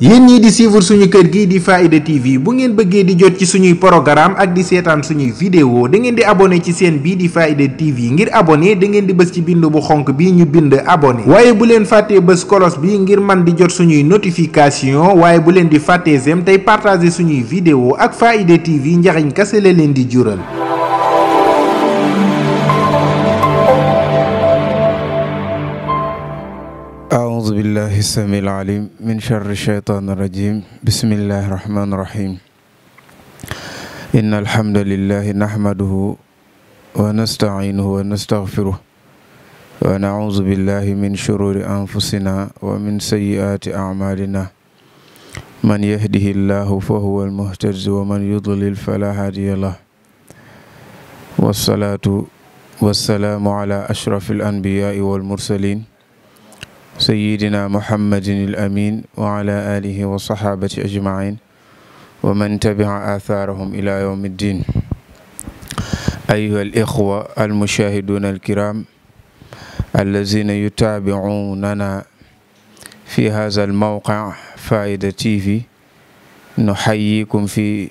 yéen ñii di suivre suñu kër gi di Faaida TV bu ngeen bëggee di jot ci suñuy programme ak di seetaan suñuy vidéo da ngeen di abonné ci seen bii di Faaida TV ngir abonné da ngeen di bës ci bind bu xonk bi ñu bind abonné waaye bu leen fàttee bës kolos bi ngir man di jot suñuy notification waaye bu leen di fàttee sem tey partage suñuy video ak Faaida TV njariñ kase la leen di jural أعوذ بالله السميع العليم من شر الشيطان الرجيم بسم الله الرحمن الرحيم إن الحمد لله نحمده ونستعينه ونستغفره ونعوذ بالله من شرور أنفسنا ومن سيئات أعمالنا من يهده الله فهو المهتد ومن يضلل فلا هادي له والصلاة والسلام على أشرف الأنبياء والمرسلين sayyidina muhammadin al amin wa ala alihi wa saxaabati ajmain wa man tabia athaarahum ila yawmi ddin ayuha al ixwa almushaahiduuna alkiram allazina yutaabicuunana fi haza almawqic faida tv nuxayikum fi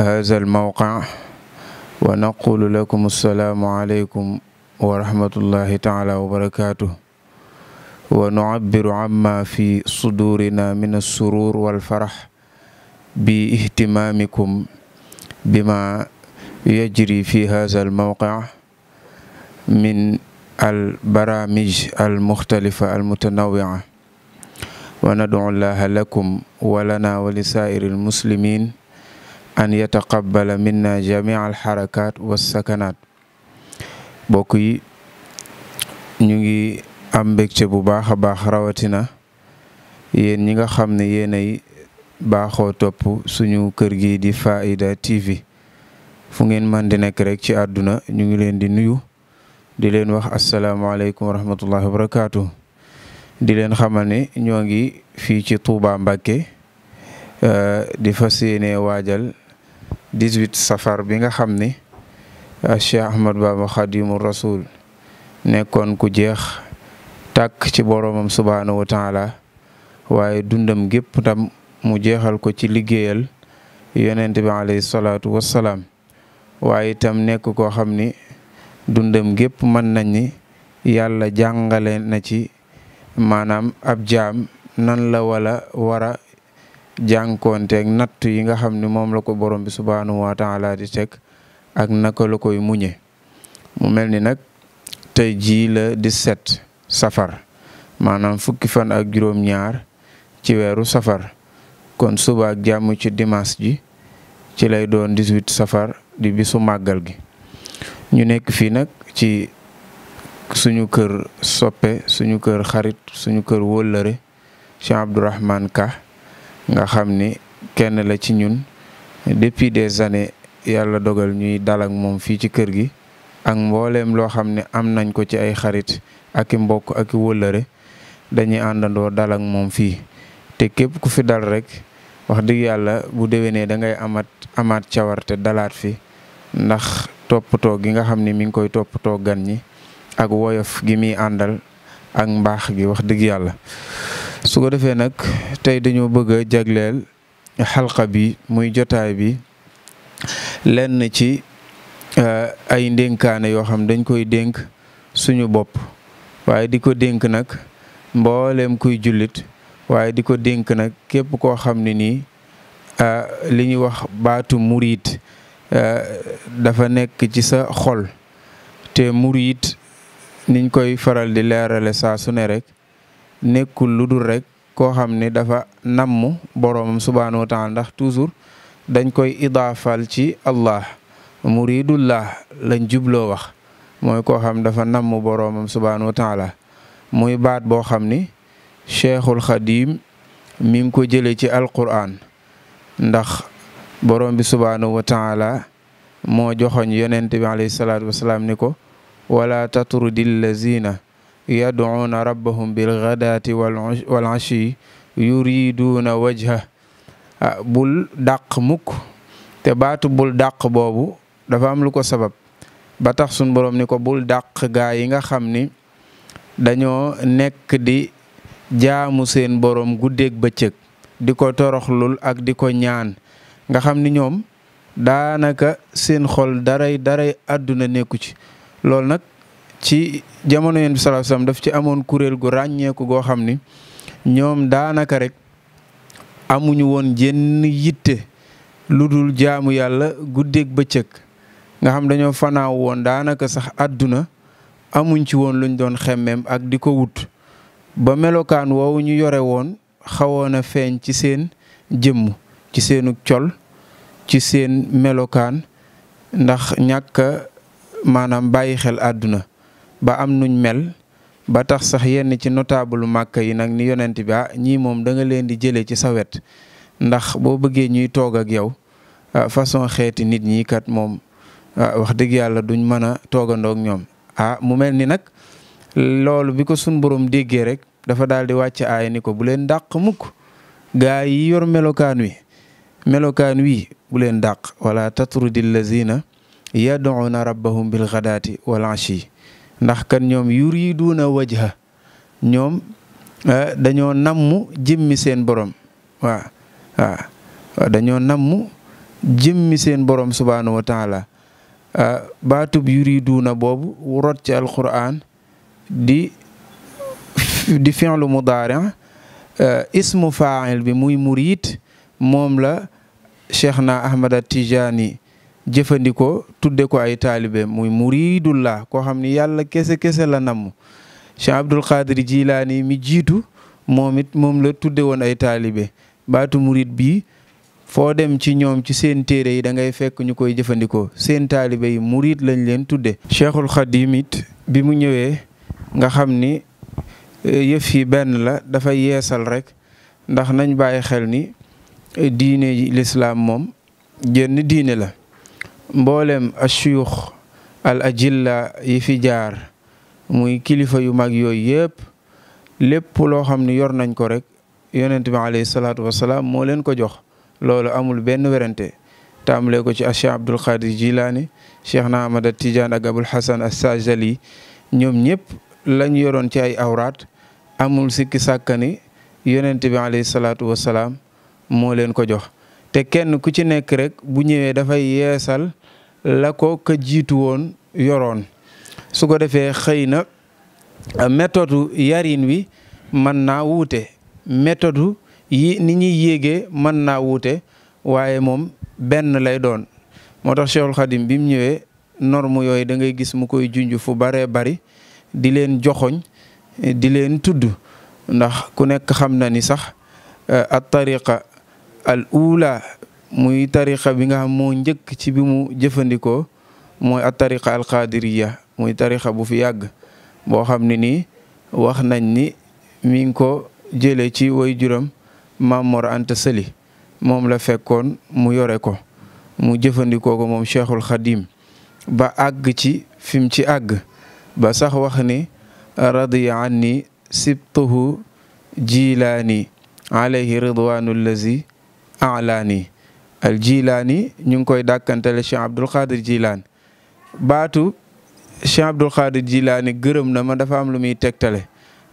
haza almawqic wa naqulu lakum assalaamu aleykum wa rahmatullahi taala wa barakatuh wa nucabbiru amma fi sudurina min assurur walfarax bi ihtimaamikum bima yajri fi haza almawqic min albaramij almuxtalifa almutanawica wa nadcu llaha lakum wa lana wa lisaa'iri almuslimin an yataqabbala minna jamica alxarakat wassakanat bokk yi ñu ngi am mbégte bu baax a baax rawatina yéen ñi nga xam ne yéenay baaxoo topp suñu kër gi di Faaida TV fu ngeen mën di nekk rek ci àdduna ñu ngi leen di nuyu di leen wax asalaamaaleykum wa rahmatullahi wa barakaatu di leen xamal ne ñoo ngi fii ci Touba Mbacké euh, di fa yéene waajal 18 safar bi nga xam ne euh, Cheikh Ahmad Bamba Xadimu Rasul nekkoon ku jeex tàkk ci boroomam subhaanahu wa taala waaye dundam gépp tam mu jeexal ko ci liggéeyal yonent bi alayhi salaatu wassalaam waaye itam nekk koo xam ni dundam gépp mën nañ ni yàlla jàngale na ci maanaam ab jaam nan la wala wara jànkoonteeg natt yi nga xam ni moom la ko borom bi subhaanahu wa taala di teg ak naka la koy muñe mu mel ni nag jii la 17 safar maanaam fukki fan ak juróom-ñaar ci weeru safar kon suba jàmm ci dimanche ji ci lay doon 18 safar di bisu màggal gi ñu nekk fii nag ci suñu kër soppe suñu kër xarit suñu kër wóllëre Cheikh Abdourahmane Ka nga xam ni kenn la ci ñun depuis des années yàlla dogal ñuy dal ak moom fii ci kër gi ak mbooleem loo xam ne am nañ ko ci ay xarit ak i mbokk aki i wëllëre dañuy àndandoo dal ak moom fii te képp ku fi dal rek wax dëgg yàlla bu déwénee da dangay amat amaat cawarte dalaat fi ndax toppatoo gi nga xam ne mi ngi koy toppatoo gan ñi ak woyof gi muy àndal ak mbaax gi wax dëgg yàlla su ko defee nag tey dañoo bëgg a jagleel xalqa bi muy jotaay bi lenn ci ay ndénkaane yoo xam dañ koy dénk suñu bopp waaye di ko dénk nag mbooleem kuy jullit waaye di ko dénk nag képp koo xam ne nii li ñuy wax baatu muriit dafa nekk ci sa xol te muriit niñ koy faral di leerale saa su ne rek nekkul lu dul rek koo xam ne dafa namm boroomam subhaanahu wa ndax toujours dañ koy idaafal ci Allah muridullah lañ jubloo wax mooy ko xam dafa namm boroomam subhaanahu wa muy baat boo xam ni cheikhul xadim mi ko jëlee ci alquran ndax borom bi subhaanahu wa taala moo joxoñ yonent bi alayhi salaatu wasalaam ni ko wala tatrudi allazina yad'uuna rabbahum bilghadaati wal ashi yuriduuna wajha ah, bul dàq mukk te baatu bul dàq boobu dafa am lu ko sabab ba tax sun borom ni ko bul dàq gaa yi nga xam ni dañoo nekk di jaamu seen borom guddeeg cëg di ko toroxlul ak di ko ñaan nga xam ni ñoom daanaka seen xol daray daray àdduna nekku ci loolu nag ci jamono yenn bi sallallahu alayhi daf ci amoon kuréel gu ràññeeku goo xam ni ñoom daanaka rekk amuñu woon jenn yitte lu dul jaamu yàlla ba bëccëg nga xam dañoo fanaaw woon daanaka sax àdduna amuñ ci woon luñ doon xemmeem ak di ko wut ba melokaan woowu ñu yore woon xawoon a feeñ ci seen jëmm ci seenu col ci seen melokaan ndax ñàkk maanaam bàyyi xel àdduna ba am nuñ mel ba tax sax yenn ci notable màkk yi nag ni yonent bi ah ñii moom danga leen di jëlee ci sawet ndax boo bëggee ñuy toog ak yow ah, façon xeeti nit ñi kat moom Ah, wax dëgg yàlla duñ mën a toogandoo ñoom a ah, mu mel ni nag loolu bi ko sun borom déggee rek dafa daal di wàcc aaya ni ko bu leen dàq mukk gaa yi yor melokaan wi melokaan wi bu leen dàq wala tatrudi lazina yad'una rabbahum bil xadaati wal ashi ndax kan ñoom yuriduuna wajha ñoom ah, dañoo namm jëmmi seen borom waaw waaw dañoo namm jëmmi seen borom subhaanahu taala Euh, baatub yuriduuna boobu rot ci alquran di di fi'lu mudaari' euh, ismu faa'il bi muy murid moom la cheikh na ahmada tijaani jëfandikoo tudde ko ay taalibe muy muridullah koo xam ni yàlla kese kese la namm cheikh abdul qadir jilaani mi jiitu moom it moom la tudde woon ay taalibe baatu murid bi foo dem ci ñoom ci seen téere yi da ngay fekk ñu koy jëfandikoo seen taalibe yi murit lañ leen tudde cheikhul xadim bi mu ñëwee nga xam ni e, yëf yi benn la dafa yeesal rek ndax nañ bàyyi xel ni e, diine lislaam moom jenn diine la mboolem ashuyux al ajilla yi fi jaar muy kilifa yu mag yooyu yëpp lépp loo xam ne yor nañ ko rek yonent bi alayhi salaatu wasalaam moo leen ko jox loolu amul benn werante tàmbalee ko ci Cheikh Abdul Xaadir Jilaani Cheikh na Ahmada Tidiane ak Abul Hasan As-Sajali ñoom ñëpp lañ yoroon ci ay awraat amul sikki sàkkani yonent bi alayhi salaatu wa salaam moo leen ko jox te kenn ku ci nekk rek bu ñëwee dafa yeesal la ko ka jiitu woon yoroon su ko defee xëy na méthode yarin wi mën naa wuute méthode yi ni ñuy yéegee man naa wuute waaye moom benn lay doon moo tax Cheikhul Khadim bi mu ñëwee norme yooyu da ngay gis mu koy junj fu baree bari di leen joxoñ di leen tudd ndax ku nekk xam na ni sax eh, at tariqa al ula muy tariqa bi nga xam moo njëkk ci bi mu jëfandikoo mooy at tariqa al qadiriya muy tariqa bu fi yàgg boo xam ne nii wax nañ ni mi ngi ko jële ci way juram maam Mor Anta Sali moom la fekkoon mu yore ko mu jëfandikoo ko moom cheikhul xadim ba àgg ci fi ci àgg ba sax wax ni radiya anni sibtuhu jilaani alayhi ridwanu allazi alaani al jilaani ñu ngi koy dàkkantele cheikh abdul xaadir jilaan baatu cheikh abdul xaadir jilaani gërëm na ma dafa am lu muy tegtale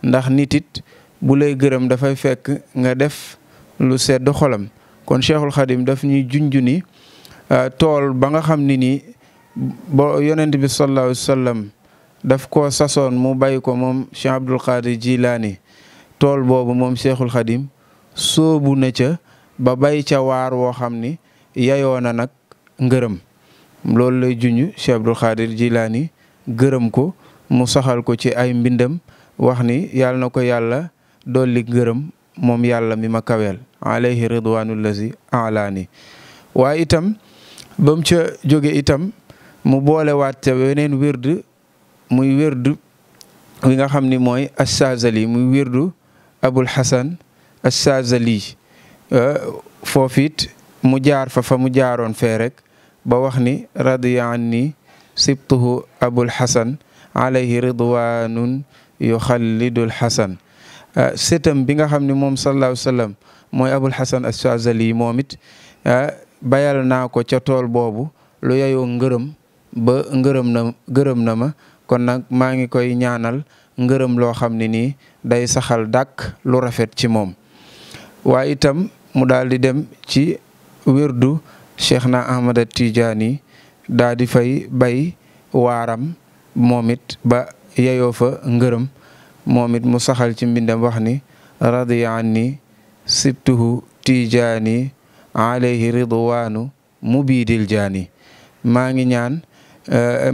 ndax nitit bu lay gërëm dafay fekk nga def lu sedd xolam kon cheikhul xadim daf ñuy junj ni euh, tool ba nga xam ni nii bo yonent bi sallallahu alayhi wa sallam daf koo sasoon mu bàyyi ko moom cheikh abdul qadir jilaani tool boobu moom cheikhul xadim sóobu na ca ba bay ca waar woo xam ni yayoo na nag ngërëm loolu lay junj cheikh abdul qadir jilaani gërëm ko mu saxal ko ci ay mbindam wax ni yàlla na ko yàlla dolli ngërëm moom yàlla mi ma kaweel alayhi ridwanullazi alaani waaye itam ba mu ca jóge itam mu boolewaat ca weneen wérd muy wérd wi nga xam ni mooy assazali muy wérdu abul hasan assazali foofit mu jaar fa fa mu jaaroon fe rek ba wax ni radiya anni sibtuhu abul hasan alayhi ridwanun yuxallidul hasan Euh, sëtam bi nga xam ni moom sallallahu alayhi wa mooy abul hasan moom it euh, bayal naa ko ca tool boobu lu yayoo ngërëm ba ngërëm na na ma kon nag maa ngi koy ñaanal ngërëm loo xam ne nii day saxal dàkk lu rafet ci moom waaye mu daldi dem ci wirdu cheikh na ahmad tijaani daa di fay bay waaram moom it ba yeyoo fa ngërëm moom it mu saxal ci mbindam wax ni radiya anni sibtuhu tijaani alayhi ridwaanu mubiidil jaani maa ngi ñaan eh,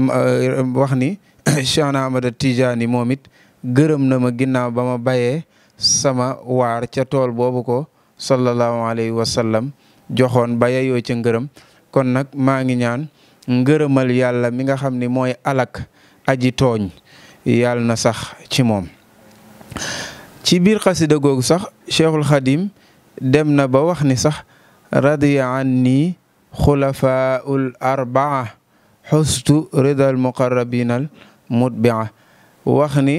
wax ni Cheikhna Ahmada Tijaani moom it gërëm na ma ginnaaw ba ma bayee sama waar ca tool boobu ko sallallahu alayhi wa sallam joxoon baye yoo ca ngërëm kon nag maa ngi ñaan ngërëmal yàlla mi nga xam ni mooy alak aji tooñ yàlla na sax ci moom ci biir xasida googu sax cheikhul xadim dem na ba wax ni sax radiya anni xulafaul arbaa xustu ridal muqarrabinal mutbia wax ni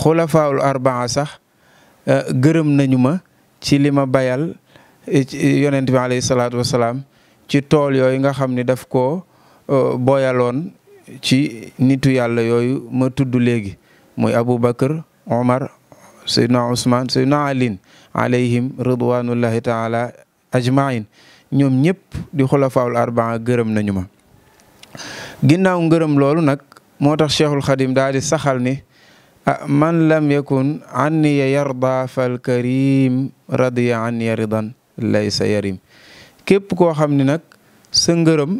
xulafaul arbaa sax eh, gërëm nañu ma ci li ma bayal eh, yonent bi alayhi salaatu wasalaam ci tool yooyu nga xam ni daf koo eh, boyaloon ci nitu yàlla yooyu ma tudd léegi muy Aboubacar Omar saydna ousman liin alin alayhim ridwanullahi taala ajmain ñoom ñëpp di xulafaawul arbaa gërëm nañu ma ginnaaw ngërëm loolu nag moo tax cheikhul xadim daal di saxal ni ah man lam yakun anniya yarda fal karim radiya anniya ridan laysa yarim képp koo xam ni nag sa ngërëm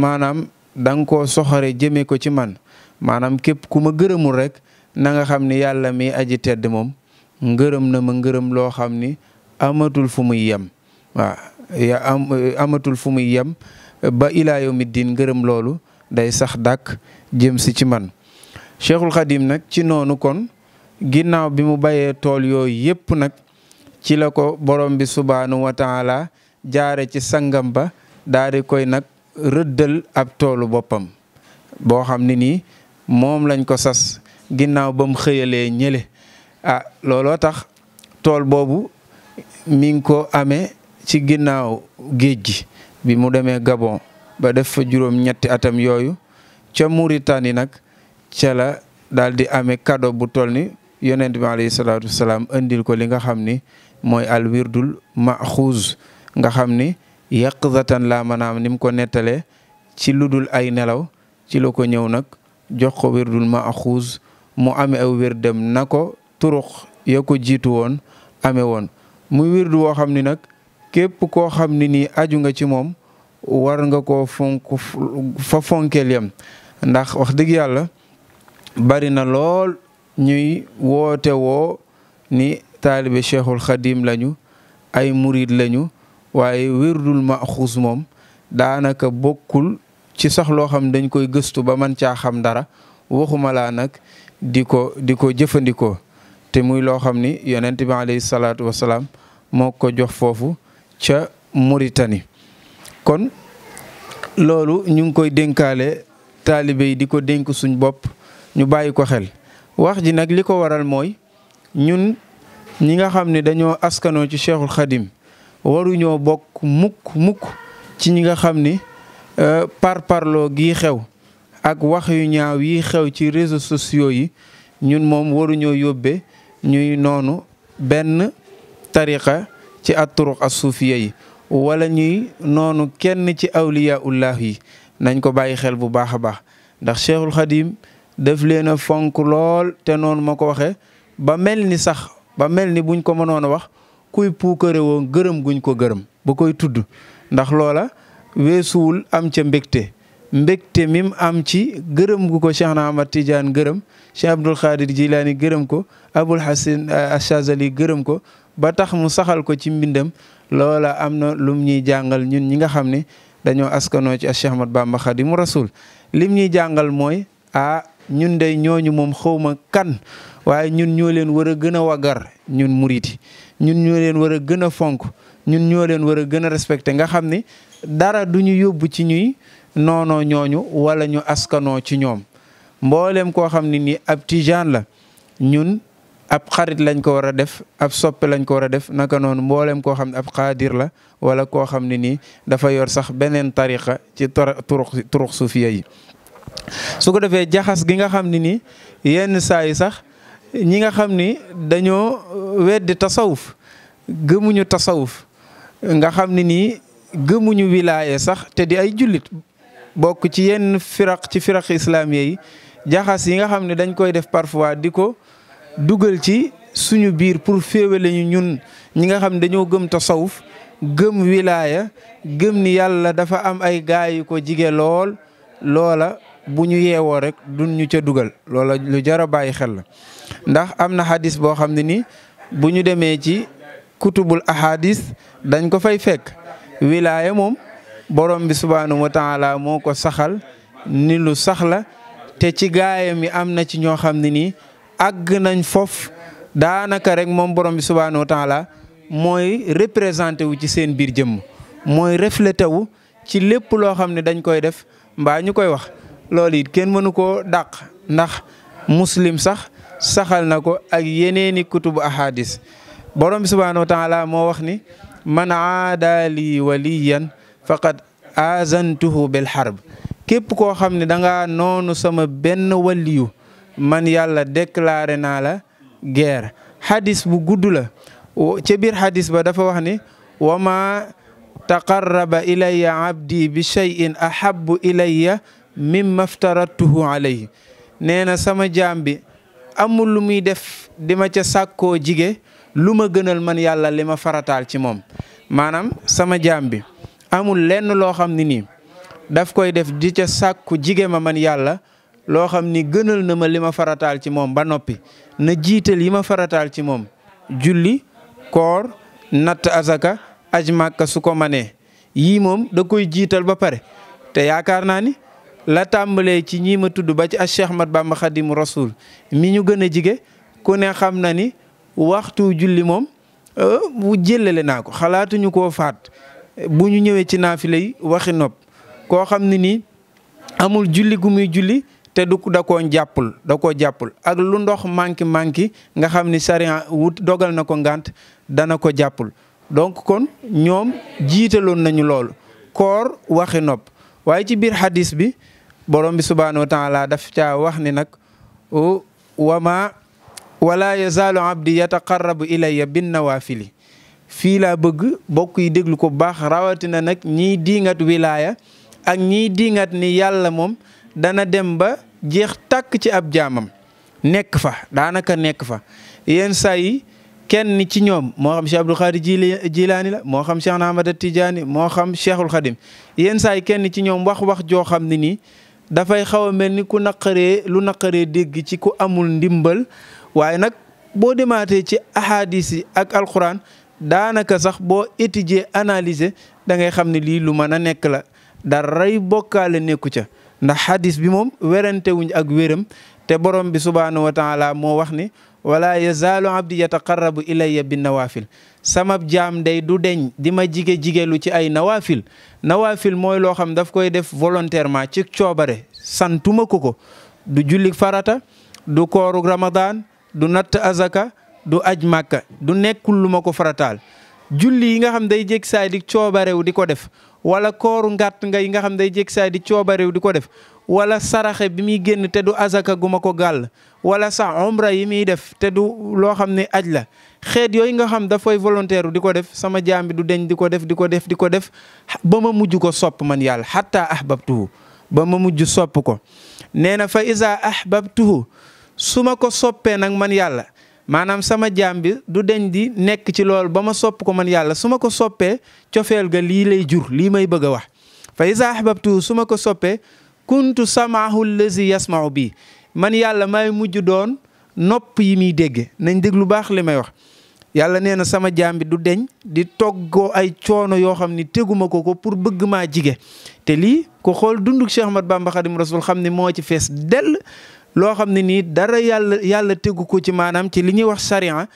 maanaam da ko koo soxore jëmee ko ci man maanaam képp ku ma gërëmul rek na nga xam ne yàlla mi aji tedd moom ngërëm na ma ngërëm loo xam ni amatul fu mu yem waaw ya fu muy yem ba ilaa yawmi diin ngërëm loolu day sax dàkk jëm si ci man cheikhul xadim nag ci noonu kon ginnaaw bi mu bayee tool yooyu yëpp nag ci la ko boroom bi subaanu wa taala jaare ci sangam ba daal koy nag rëddal ab toolu boppam boo xam ne nii moom lañ ko sas ginnaaw ba mu xëyalee ñële ah looloo tax tool boobu mi ngi ko amee ci ginnaaw géej gi bi mu demee Gabon ba def fa juróom-ñetti atam yooyu ca Mauritanie nag ca la di amee kado bu toll ni yonent bi alayhi salaatu wasalaam indil ko li nga xam ni mooy al wirdul maxuuz nga xam ni yaqzatan laa maanaam ni mu ko nettalee ci lu dul ay nelaw ci la ko ñëw nag jox ko wirdul maxuuz mu ame aw wirdem na ko turuq ya ko jiitu woon amee woon muy wirdu woo xam ni nag képp koo xam ni nii aju nga ci moom war nga ko fonk fa fonkeel yam ndax wax dëgg yàlla bari na lool ñuy woote woo ni taalibe cheikhul xadim lañu ay murid lañu waaye wirdul maxuus moom daanaka bokkul ci sax loo xam dañ koy gëstu ba man caa xam dara waxuma laa nag di ko di ko jëfandikoo te muy loo xam ni yonent bi alayhi salaatu wasalaam moo ko jox foofu ca Mauritanie kon loolu ñu ngi koy dénkaale taalibe yi di ko dénk suñ bopp ñu bàyyi ko xel wax ji nag li ko waral mooy ñun ñi nga xam ni dañoo askanoo ci cheikhul xadim waruñoo bokk mukk mukk ci ñi nga xam ni euh, parparloo gi xew ak wax yu ñaaw yi xew ci réseaux sociaux yi ñun moom waruñoo yóbbee ñuy noonu benn tariqa ci atturuq as-suufiya yi wala ñuy noonu kenn ci awliyaullah yi nañ ko bàyyi xel bu baax a baax ndax cheikhul xadim def leen a fonk lool te noonu ma ko waxee ba mel ni sax ba mel ni buñ ko mënoon a wax kuy puukare woon gërëm guñ ko gërëm ba koy tudd ndax loola weesuwul am ca mbégte mbégte mim am ci gërëm gu ko Cheikh na Ahmad Tidiane gërëm Cheikh Abdul Xaadir Jilaani gërëm ko Abul Hasan euh, Achazali gërëm ko ba tax mu saxal ko ci mbindam loola am na lum ñuy jàngal ñun ñi nga xam ni dañoo askanoo ci Cheikh Ahmad Bamba Xaadimu Rasul lim ñuy jàngal mooy ah ñun day ñooñu moom xawma kan waaye ñun ñoo leen war a gën a wagar ñun muriti ñun ñoo leen war a gën a fonk ñun ñoo leen war a gën a respecté nga xam ni dara du ñu yóbbu ci ñuy noonoo ñooñu wala ñu askanoo ci ñoom mboolem koo xam ne nii ab tijaan la ñun ab xarit lañ ko war a def ab soppe lañ ko war a def naka noonu mboolem koo xam ne ab xaadir la wala koo xam ne nii dafa yor sax beneen tariqa ci turux turux yi su ko defee jaxas gi nga xam ne nii yenn saa sax ñi nga xam ni dañoo weddi tasawuf gëmuñu tasawuf nga xam ne nii gëmuñu wilaaye sax te di ay jullit bokk ci yenn firaq ci firaq islamiye yi jaxas yi nga xam ne dañ koy def parfois di ko dugal ci suñu biir pour féewale ñu ñun ñi nga xam ne dañoo gëm tasawuf gëm wilaaya gëm ni yàlla dafa am ay gaay yu ko jige lool loola bu ñu yeewoo rek duñ ñu ca dugal loola lu jar a bàyyi xel la ndax am na xadis boo xam ne ni bu ñu demee ci kutubul ahadis dañ ko fay fekk wilaaya moom borom bi subhaanahu wa taala moo ko saxal ni lu saxla te ci gaayam yi am na ci ñoo xam ne nii àgg nañ foofu daanaka rek moom borom bi subhaanahu wa taala mooy représenté wu ci seen biir jëmm mooy refletewu ci lépp loo xam ne dañ koy def mbaa ñu koy wax loolu it kenn mënu koo dàq ndax muslim sax saxal na ko ak yeneeni kutubu ahadis borom bi subhaanahu wa moo wax ni man aada waliyan faqad azantuhu bil harb képp koo xam ne danga noonu sama benn waliyu man yàlla déclaré naa la guerre xadis bu gudd la ca biir hadis ba dafa wax ni wa ma taqarraba ilayya abdi bi shay'in ahabbu ilayya mimma aftaradtuhu alayhi nee na sama jaam bi amul lu muy def di ma ca sàkkoo jige lu ma gënal man yàlla li ma faratal ci moom maanaam sama jaam bi amul lenn loo xam ne nii daf koy def di ca sàkku jige ma man yàlla loo xam ni gënal na ma li ma farataal ci moom ba noppi na jiital yi ma farataal ci moom julli koor natt asaka aj màkka su ko manee yii moom da koy jiital ba pare te yaakaar naa ni la tàmbalee ci ñii ma tudd ba ci Cheikh Ahmad Bamba Xadimu Rasul mi ñu gën a jige ku ne xam na ni waxtu julli moom bu euh, jëlale naa ko xalaatuñu koo faat bu ñu ñëwee ci naafile yi waxi nopp koo xam ne nii amul julli gu muy julli te du da koo jàppul da ko jàppul ak lu ndox manqué manqué nga xam ni sariya wut dogal na ko ngànt dana ko jàppul donc kon ñoom jiitaloon nañu lool koor waxi nopp waaye ci biir hadis bi borom bi subhaanahu wa taala daf caa wax ni nag wama wala yazaalu abdi yataqarrabu ilayya bin nawaafili fii la bëgg bokk yi déglu ko bu baax rawatina nag ñiy diingat wilaaya ak ñiy dingat ni yàlla moom dana dem ba jeex tàkk ci ab jaamam nekk fa daanaka nekk fa yenn saa kenn ci ñoom moo xam Cheikh la moo xam Cheikh Ahmad Tijaani moo xam Cheikhul Xadim yenn saa yi kenn ci ñoom wax wax joo xam ne nii dafay xaw a mel ni ku naqaree lu naqaree dégg ci ku amul ndimbal waaye nag boo demaatee ci ahadis yi ak alquran daanaka sax boo étudier analyser da ngay xam ne lii lu mën a nekk la daray bokkaale nekku ca ndax xadis bi moom werante wuñ ak wéram te borom bi subhaanahu wa la moo wax ni wala yazaalu abdi yataqarrabu ilayya bi nawaafil sama jaam day du deñ di ma jige-jigelu ci ay nawaafil nawaafil mooy loo xam daf koy def volontairement ci coobare santuma ko ko du julli farata du kooru ramadan du natt azaka du aj màkka du nekkul lu ma ko farataal julli yi nga xam day jékki saay di coobarewu di ko def wala kooru ngàtt nga yi nga xam day jékki saay di coobarew di ko def wala saraxe bi muy génn te du azaka guma ko gàll wala sax omra yi muy def te du loo xam ne aj la xeet yooyu nga xam dafay volontaire di ko def sama jaam bi du deñ di ko def di ko def di ko def ba ma mujj ko sopp man yàlla xatta ahbabtuhu ba ma mujj sopp ko nee fa isa ahbabtuhu su ma ko soppee nag man yàlla maanaam sama jaam bi du deñ di nekk ci lool ba ma sopp ko man yàlla su ma ko soppee cofeel ga lii lay jur lii may bëgg a wax fa isa ahbabtu su ma ko soppee kuntu samaahu lazi yasmau bi man yàlla may mujj doon nopp yi muy dégge nañ dégg lu baax li may wax yàlla nee na sama jaam bi du deñ di toggoo ay coono yoo xam ni teguma ko ko pour bëgg maa jige te lii ko xool dunduk Cheikh Ahmad Bamba Xadim Rasul xam ne moo ci fees dell loo xam ne nii dara yàlla yàlla tegu ko ci maanaam ci li ñuy wax sariya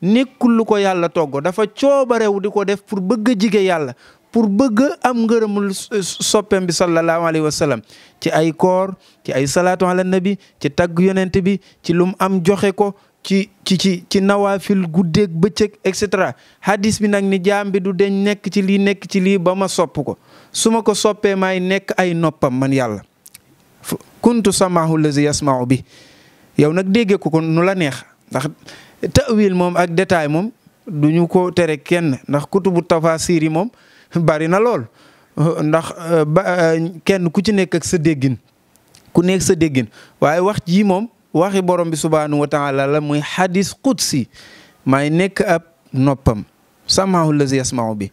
nekkul lu ko yàlla togg dafa coobarewu di ko def pour bëgg a jige yàlla pour bëgg am ngërëmul soppeem bi sallallahu alayhi wa sallam ci ay koor ci ay salaatu ala nabi ci tagg yonent bi ci lum am joxe ko ci ci ci ci nawaafil guddeeg bëccëg et cetera hadis bi nag ni jaam bi du deñ nekk ci lii nekk ci lii ba ma sopp ko su ma ko soppee maay nekk ay noppam man yàlla kuntu samaahu lazi yasmau bi yow nag dégge ko ko nu la neex ndax tawil moom ak détail moom ñu ko tere kenn ndax kutubu tafasir yi moom bari na lool ndax euh, ba euh, kenn ku ci nekk ak sa déggin ku nekk sa déggin waaye wax ji moom waxi borom bi subhaanahu wa taala la muy hadis qudsi maay nekk ab noppam samaahu lazi yasmau bi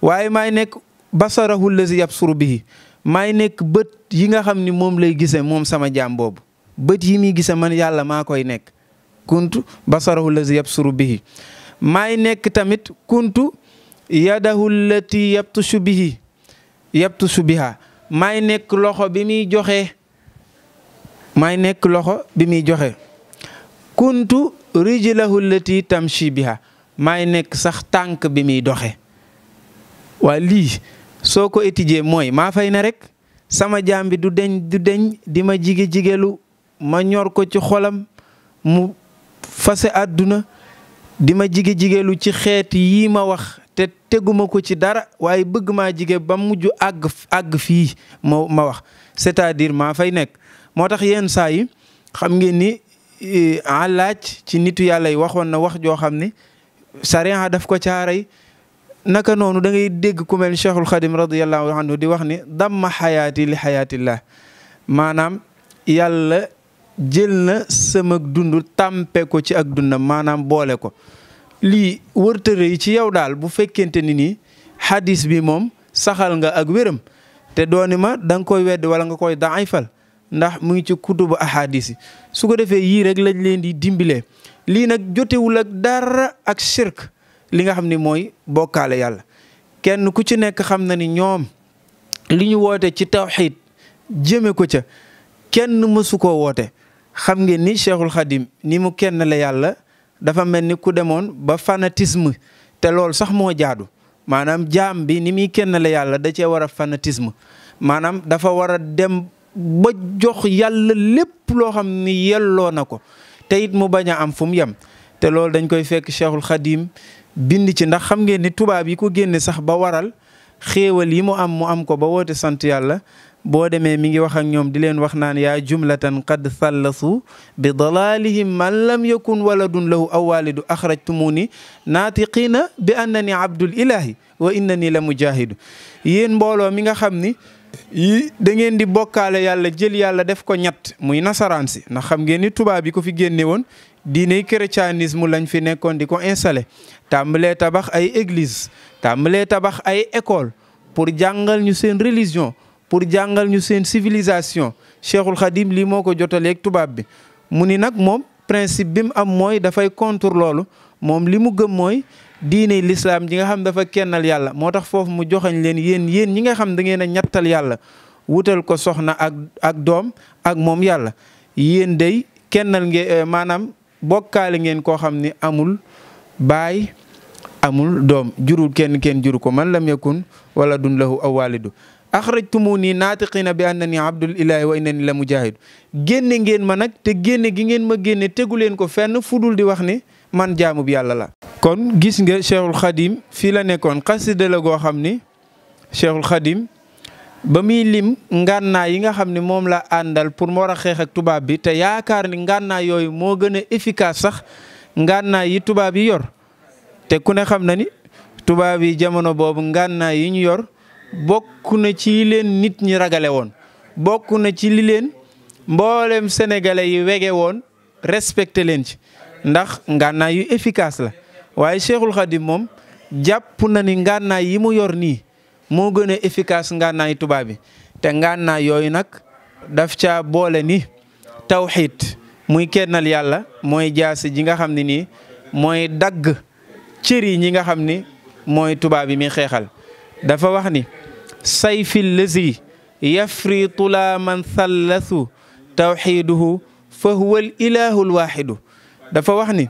waaye maay nekk basarahu lazi yabsuru bihi maay nekk bët yi nga xam ni moom lay gisee moom sama jaam bët yi muy gisee man yàlla maa koy nekk kuntu basarahu lazi yabsuru bihi maay nekk tamit kuntu yadahu lati yabtushu bihi yabtushu biha maay nekk loxo bi muy joxe maay nekk loxo bi muy joxe kuntu rijlahu lati tamshi biha maay nekk sax tànk bi muy doxe waa lii soo ko étudier mooy maa fay na rek sama jaam bi du deñ du deñ di ma jige jigelu ma ñor ko ci xolam mu fase àdduna di ma jige jigelu ci xeet yii ma wax te teguma ko ci dara waaye bëgg maa jige ba mujj àgg àgg fii ma wax c'est-à-dire fay nekk moo tax yenn saa yi xam ngeen ni eh, en laaj ci nitu yàlla yi waxoon na wax joo xam ne sariya daf ko yi naka noonu da ngay dégg ku mel cheikhul xadim radiallahu anhu di wax ni damma xayaati li xayaatillah maanaam yàlla jël na sama dund tàmpe ko ci ak dundam maanaam boole ko lii wërtëre yi ci yow daal bu fekkente ni nii xadis bi moom saxal nga ak wéram te dooni ma da nga koy wedd wala nga koy daayfal ndax mu ngi ci kutubu ahadis yi su ko defee yii rek lañ leen di dimbilee lii nag jotewul ak dara ak shirk li nga xam ni mooy bokkaale yàlla kenn ku ci nekk xam na ni ñoom li ñu woote ci tawxiid jëme ko ca kenn mësu koo woote xam ngeen ni cheikhul xadim ni mu kenn la yàlla dafa mel ni ku demoon ba fanatisme te loolu sax moo jaadu maanaam jaam bi ni muy kenn la yàlla da cee war a fanatisme maanaam dafa war a dem ba jox yàlla lépp loo xam ni yelloo na ko te it mu bañ a am fu mu yem te loolu dañ koy fekk cheikhul xadim bind ci ndax xam ngeen ni tubaab yi ko génne sax ba waral xéewal yi mu am mu am ko ba woote sant yàlla boo demee mi ngi wax ak ñoom di leen wax naan yaa jumlatan qad sallasu bi dalaalihim man lam yakun waladun lahu aw walidu axrajtumuni naatiqiina bi annani abdul ilahi wa innani la mujahidu yéen mbooloo mi nga xam ni yi da ngeen di bokkaale yàlla jël yàlla def ko ñett muy nasaraan si ndax xam ngeen ni tubaab yi ko fi génne woon diiney christianisme lañ fi nekkoon di ko installé tàmbalee tabax ay église tàmbalee tabax ay école pour jàngal ñu seen religion pour jàngal ñu seen civilisation cheikhul xadim lii moo ko jotaleeg tubaab bi mu ni nag moom principe bi mu am mooy dafay contre loolu moom li mu gëm mooy diine lislaam ji nga xam dafa kennal yàlla moo tax foofu mu joxañ leen yéen yéen ñi nga xam da ngeen a ñettal yàlla wutal ko soxna ak ak doom ak moom yàlla yéen day kennal nge eh, bokkaale ngeen koo xam ni amul baay amul doom jurul kenn kenn juru ko man lam yakun wala dun lahu aw walidu axrajtumuni naatiqina bi annani abdul ilahi wa innani la mujahidu génne ngeen ma nag te génne gi ngeen ma génne tegu leen ko fenn fudul di wax ni man jaamu yàlla la. kon gis nga Cheikhul Khadim fii la nekkoon xasida la goo xam ni Cheikhul Khadim ba muy lim ngànnaay yi nga xam ni moom la àndal pour mu war a xeex ak tubaab bi te yaakaar ni ngànnaay yooyu moo gën a efficace sax ngànnaay yi tubaab yi yor te ku ne xam na ni tubaab yi jamono boobu ngànnaay yi ñu yor bokk na ci leen nit ñi ragale woon bokk na ci li leen mboolem sénégalais yi wege woon respecté leen ci ndax ngànnaay yu efficace la waaye Cheikhul Khadim moom jàpp na ni ngànnaay yi mu yor nii moo gën a efficace ngànnaay tubaab bi te ngànnaay yooyu nag daf ca boole ni tawxiid muy kennal yàlla mooy jaas ji nga xam ne nii mooy dagg cër ñi nga xam ni mooy tubaab bi mi xeexal dafa wax ni say lazi yafritu la man thallasu tawxiduhu fa huwa al ilahu waxidu dafa wax ni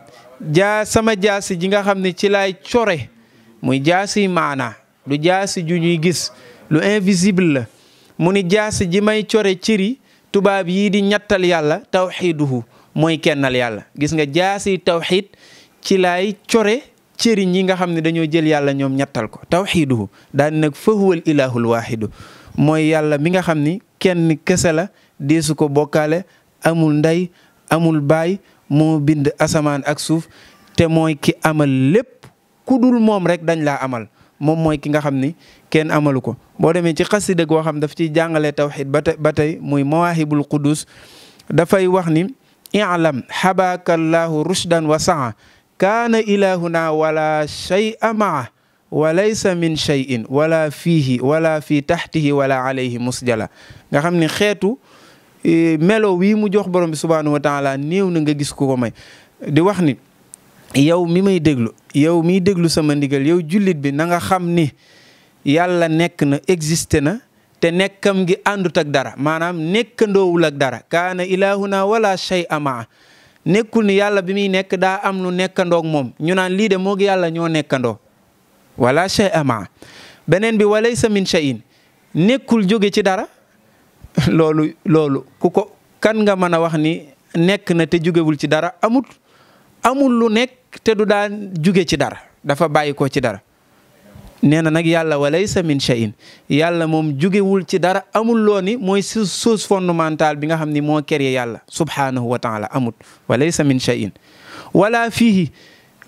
jaa sama jaas ji nga xam ne ci laay core muy jaasi maana lu jaasi ju ñuy gis lu invisible la mu ni jaasi ji may core ciri tubaab yii di ñettal yàlla tawxiiduhu mooy kennal yàlla gis nga jaasi tawxiid ci laay core cëri ñi nga xam ne dañoo jël yàlla ñoom ñettal ko tawxiiduhu daal nag fahuwal ilaahul waaxidu mooy yàlla mi nga xam ni kenn kese la deesu ko bokkaale amul ndey amul baay moo bind asamaan ak suuf te mooy ki amal lépp kudul moom rek dañ la amal moom mooy ki nga xam ni kenn amalu ko boo demee ci xasida goo xam daf ciy jàngalee tawxid ba tey ba tey muy mawaahibul qudus dafay wax ni i'lam xabaakallaahu rushdan wa saa kaana ilahuna wala shay'a maa wa laysa min shay'in wala fiihi wala fii taxtihi wala alayhi nga xam ni xeetu eh, melo wii mu jox borom bi subhanahu néew na nga gis ku ko di wax ni yow mi may déglu yow miy déglu sama ndigal yow jullit bi nanga xam ni yàlla nekk na existé na te nekkam gi àndut ak dara maanaam nekkandoowul ak dara kaana na wala shay amaa nekkul ni yàlla bi muy nekk daa am lu nekkandoo moom ñu naan lii de moog yàlla ñoo nekkandoo walla shay amaa beneen bi walaysa min shayin nekkul jóge ci dara loolu ku ko kan nga mën a wax ni nekk na te jógewul ci dara amut amul lu nekk te du daan juge ci dara dafa bàyyi ko ci dara nee na nag yàlla walaysa min shay'in yàlla moom jugewul ci dara amul loo ni mooy source fondamentale bi nga xam ni moo créé yàlla subhaanahu wa taala amut walaysa min shay'in wala fihi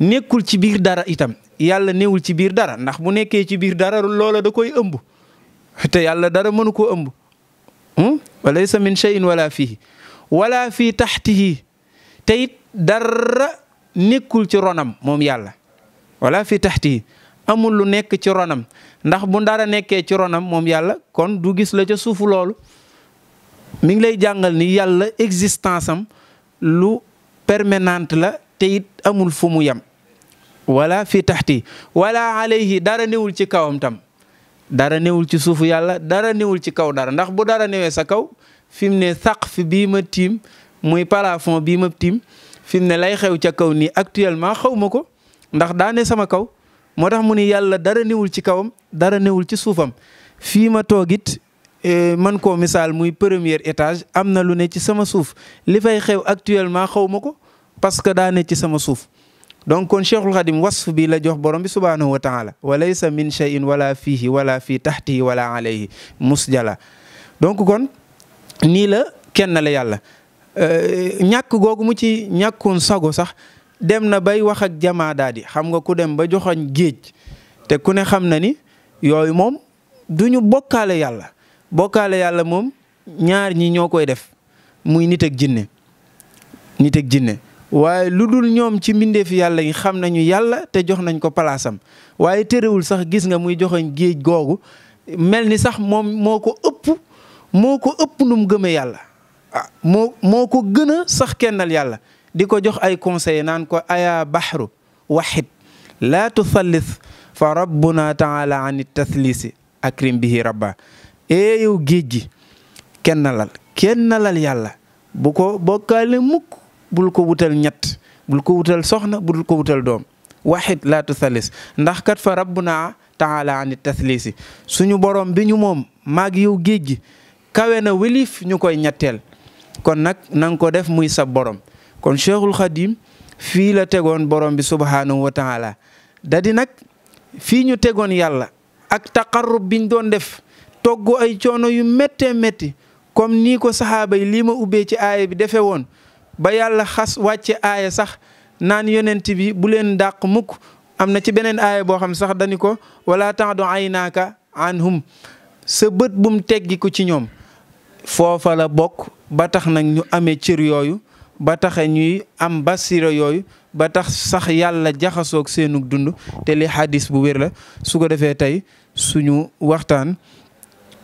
nekkul ci biir dara itam yàlla newul ci biir dara ndax bu nekkee ci biir dara loola da koy ëmb te yàlla dara mënu koo ëmb hmm? walaysa min shay'in wala fihi wala fii taxtihi te it dara nekkul ci ronam moom yàlla wala fi taxti amul lu nekk ci ronam ndax bu ndara nekkee ci ronam moom yàlla kon du gis la ca suufu loolu mi ngi lay jàngal ni yàlla existence am lu permanente la te it amul fu mu yem wala fi taxti walla alayhi dara newul ci kawam tam dara newul ci suufu yàlla dara newul ci kaw dara ndax bu dara newee sa kaw fi mu ne sàq fi bii ma tiim muy parafon bii ma tiim fi ne lay xew ca kaw nii actuellement xaw ma ko ndax daane sama kaw moo tax mu ni yàlla dara newul ci kawam dara newul ci suufam fii ma toogit eh, man ko misaal muy premier étage am na lu ne ci sama suuf li fay xew actuellement xaw ko parce que daa ne ci sama suuf donc kon cheikhul xadim wasf bi la jox borom bi subhaanahu wa taala wa laysa min cheyin wala fiihi wala fii taxtihi wala alayhi musjala donc kon nii la kenn la yàlla Euh, ñàkk googu mu ci ñàkkoon sago sax dem na bay wax ak jamaa daal xam nga ku dem ba joxoñ géej te ku ne xam na ni yooyu moom du ñu bokkaale yàlla bokkaale yàlla moom ñaar ñi ñoo koy def muy nit ak jinne nit ak jinne waaye lu dul ñoom ci mbindeef yàlla xam nañu yàlla te jox nañ ko palaasam waaye terewul sax gis nga muy joxoñ géej googu mel ni sax moom moo ko ëpp moo ko ëpp nu mu gëmee yàlla ah moo ko gën a sax kennal yàlla di ko jox ay conseil naan ko aya baxru waxid laa tusallis fa rabbuna taala an taslisi akrim bihi rabba ee yow géej gi kennalal kennalal yàlla bu ko bokkaale mukk bul ko wutal ñett bul ko wutal soxna bul ko wutal doom waxit laa tusallis ndax kat fa rabbuna taala an taslisi suñu borom bi ñu moom mag yow géej gi kawe na wëlif ñu koy ñetteel kon nag na ko def muy sab borom kon cheikhul xadim fii la tegoon borom bi subhaanahu wa taala dadi di nag fii ñu tegoon yàlla ak taqarrub biñ doon def togg ay coono yu mettee métti comme nii ko saxaaba yi lii ma ubbee ci aaya bi defee woon ba yàlla xas wàcce aaye sax naan yonent bi bu leen dàq mukk am na ci beneen aaya boo xam sax dañu ko wala taxdu aynaaka anhum sa bët bum teggi ko ci ñoom foofa la bokk ba tax nag ñu amee cër yooyu ba taxe ñuy am basira yooyu ba tax sax yàlla jaxasoog seenug dund te li xadis bu wér la su ko defee tey suñu waxtaan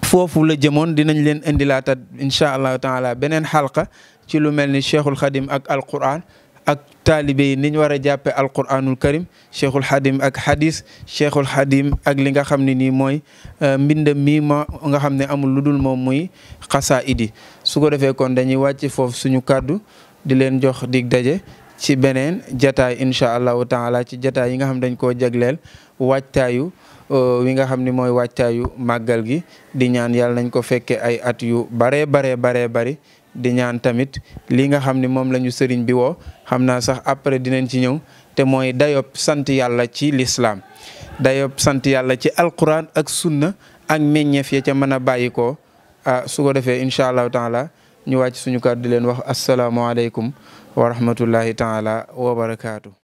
foofu la jëmoon dinañ leen indilaatat incha allahu taala beneen xalqa ci lu mel ni cheikhul xadim ak alquran ak taalibe yi ni ñu war a jàppee alquranul karim cheikhul xadim ak xadis cheikhul xadim ak li nga xam ne nii mooy euh, mbindam mii ma nga xam ne amul lu dul moom muy xasaa idi su ko defee kon dañuy wàcc foofu suñu kàddu di leen jox dig daje ci beneen jataay incha allahu taala ci jataay yi nga xam dañ koo jagleel waajtaayu euh, wi nga xam ni mooy waajtaayu màggal gi di ñaan yàlla nañ ko fekkee ay at yu baree baree baree bari di ñaan tamit lii nga xam ni moom lañu ñu sëriñ bi woo xam naa sax après dinañ ci ñëw te mooy dayob sant yàlla ci lislaam dayob sant yàlla ci alquran ak sunna ak meññeef ya ca mën a bàyyikoo ah su ko defee incha allahu taala ñu wàcc suñu kàddu di leen wax asalaamaaleykum wa rahmatullahi taala wa barakaatu.